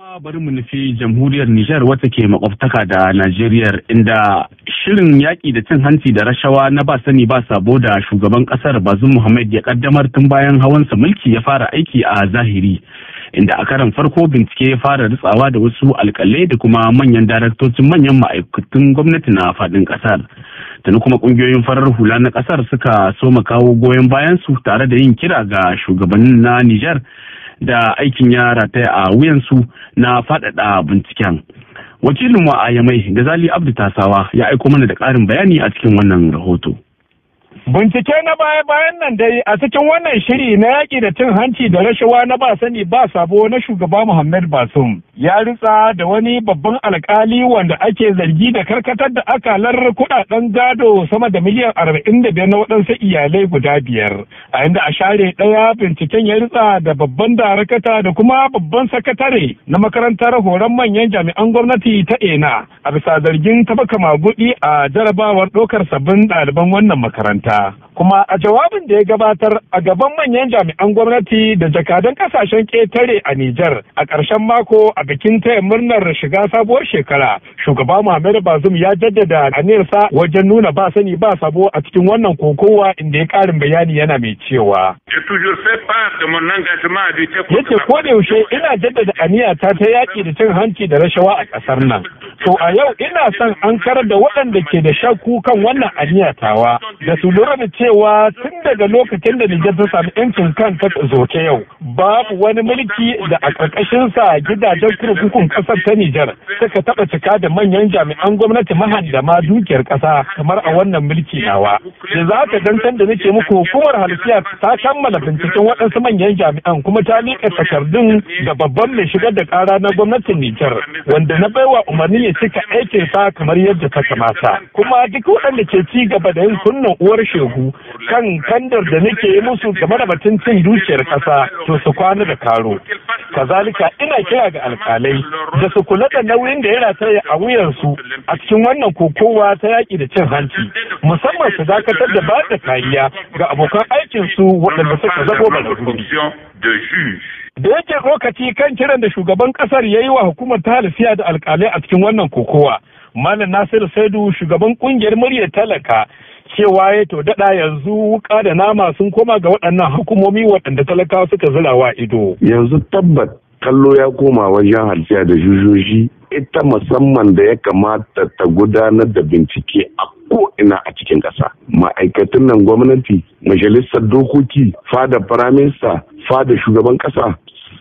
kuma bari mu nufi jamhuriyar Nijar wata ke makwabtaka da Najeriya inda shirin yaƙi da cin hanci da rashawa na ba sani ba sabo da shugaban ƙasar Bazum Muhammad ya kaddamar tun bayan hawan sa mulki ya fara aiki a zahiri. Inda a karan farko bincike ya fara ritsawa da wasu alƙalai da kuma manyan daraktocin manyan ma'aikatan gwamnati na faɗin ƙasar. Tani kuma ƙungiyoyin farar hula na ƙasar suka soma kawo goyon bayansu tare da yin kira ga shugabannin na Nijar da aikin ya rataya a wuyansu na faɗaɗa binciken wakilin wa a yamai zali abdu tasawa ya aiko mana da ƙarin bayani a cikin wannan rahoto Bincike na baya-bayan nan dai a cikin wannan shiri na yaƙi da cin hanci da rashawa na ba sani ba sabo na shugaba Muhammad Basum ya ritsa da wani babban alkali wanda ake zargi da karkatar da akalar kudaden gado sama da miliyan arba'in da biyar na waɗansu iyalai guda biyar. A inda a share ɗaya binciken ya ritsa da babban darakata da kuma babban sakatare na makarantar horon manyan jami'an gwamnati ta ENA a bisa zargin tabaka maguɗi a jarabawar ɗaukar sabbin ɗaliban wannan makaranta. ta kuma a jawabin da ya gabatar a gaban manyan jami'an gwamnati da jakadan kasashen ƙetare a Nijar a ƙarshen mako a bikin taya murnar shiga sabuwar shekara shugaba Muhammad Bazum ya jaddada aniyarsa wajen nuna ba sani ba sabo a cikin wannan kokowa inda ya ƙarin bayani yana mai cewa yace ko da yaushe ina jaddada aniyata ta yaƙi da cin hanci da rashawa a ƙasar nan to a yau ina son an karar da waɗanda ke da shakku kan wannan aniyatawa da su lura da cewa cewa tun daga lokacin da Nijar ta sami 'yancin kan ta zoce yau babu wani mulki da a sa gidajen kurkukun ƙasar ta Nijar suka taɓa cika da manyan jami'an gwamnati mahandama dukiyar ƙasa kamar a wannan mulki nawa. Da za ka dantan da nake muku hukumar halittiya ta kammala binciken waɗansu manyan jami'an kuma ta liƙa takardun da babban mai shigar da ƙara na gwamnatin Nijar wanda na baiwa umarni ya cika aikin sa kamar yadda ta kamata. Kuma duk waɗanda ke ci gaba da yin sunan uwar shegu kan kandar da nake yi musu game da batun cin dukiyar ƙasa to su kwana da karo kazalika ina kira ga alƙalai da su kula da nauyin da yana rataya a wuyansu a cikin wannan kokowa ta yaƙi da cin hanci musamman su dakatar da ba da kariya ga abokan aikinsu waɗanda suka zago ba da yake lokaci kan kiran da shugaban kasar ya yi wa hukumar ta da alkalai a cikin wannan kokowa malam nasiru saidu shugaban kungiyar muryar talaka cewa ya eh, to daɗa yanzu wuka da nama sun koma ga waɗannan hukumomi waɗanda talakawa suka wa ido. Yanzu tabbat kallo ya koma wajen halsiya da jujoji ita musamman da ya kamata ta gudanar da bincike a ko'ina a cikin ƙasa. Ma'aikatan nan gwamnati, majalisar dokoki, fada firaminista, fada shugaban ƙasa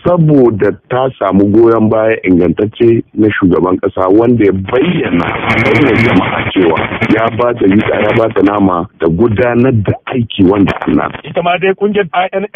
saboda ta samu goyon baya ingantacce na shugaban kasa wanda ya bayyana wannan jama'a cewa ya ba ta yi ya ba ta nama da gudanar da aiki wanda ana. Ita ma dai kungiyar